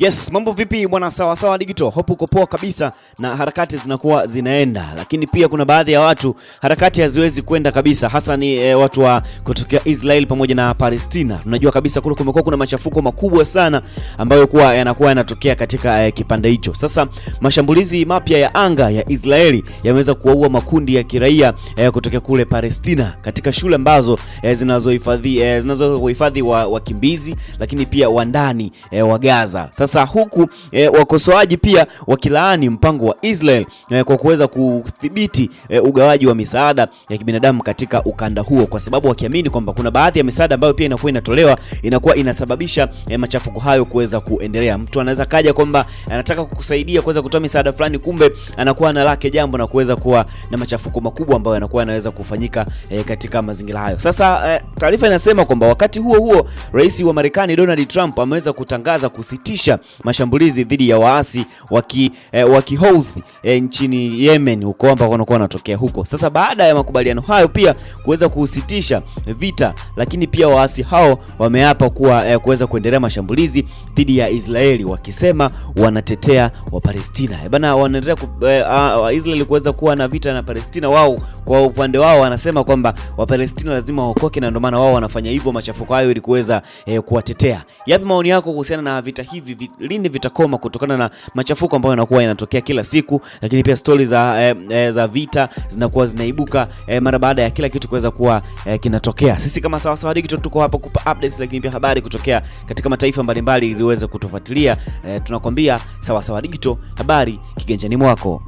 Yes, mambo vipi bwana? Sawa sawa digital, hope uko poa kabisa na harakati zinakuwa zinaenda, lakini pia kuna baadhi ya watu harakati haziwezi kwenda kabisa, hasa ni e, watu wa kutokea Israel pamoja na Palestina. Tunajua kabisa kule kumekuwa kuna machafuko makubwa sana ambayo kuwa yanakuwa yanatokea katika e, kipande hicho. Sasa mashambulizi mapya ya anga ya Israeli yameweza kuwaua makundi ya kiraia e, kutokea kule Palestina katika shule ambazo e, zinazohifadhi e, zinazohifadhi wakimbizi wa lakini pia ndani e, wa Gaza. Sasa sasa, huku e, wakosoaji pia wakilaani mpango wa Israel e, kwa kuweza kudhibiti e, ugawaji wa misaada ya kibinadamu katika ukanda huo, kwa sababu wakiamini kwamba kuna baadhi ya misaada ambayo pia inakuwa inatolewa inakuwa inasababisha e, machafuko hayo kuweza kuendelea. Mtu anaweza kaja kwamba anataka kukusaidia kuweza kutoa misaada fulani, kumbe anakuwa na lake jambo na kuweza kuwa na machafuko makubwa ambayo yanakuwa yanaweza kufanyika e, katika mazingira hayo. Sasa e, taarifa inasema kwamba wakati huo huo rais wa Marekani Donald Trump ameweza kutangaza kusitisha mashambulizi dhidi ya waasi wa eh, Kihouthi e, nchini Yemen huko ambako wanakuwa wanatokea huko. Sasa baada ya makubaliano hayo pia kuweza kusitisha vita, lakini pia waasi hao wameapa kuwa e, kuweza kuendelea mashambulizi dhidi ya Israeli wakisema wanatetea wa Palestina. E, bana wanaendelea e, Israeli kuweza kuwa na vita na Palestina, wao kwa upande wao wanasema kwamba wa Palestina lazima waokoke na ndio maana wao wanafanya hivyo machafuko hayo ili kuweza e, kuwatetea. Yapi maoni yako kuhusiana na vita hivi? Lini vitakoma kutokana na machafuko ambayo yanakuwa yanatokea kila siku lakini pia stori za, eh, eh, za vita zinakuwa zinaibuka eh, mara baada ya kila kitu kuweza kuwa eh, kinatokea. Sisi kama Sawa Sawa Digital tuko hapa kupa updates, lakini pia habari kutokea katika mataifa mbalimbali ili uweze kutufuatilia. Eh, tunakwambia Sawa Sawa Digital, habari kiganjani mwako.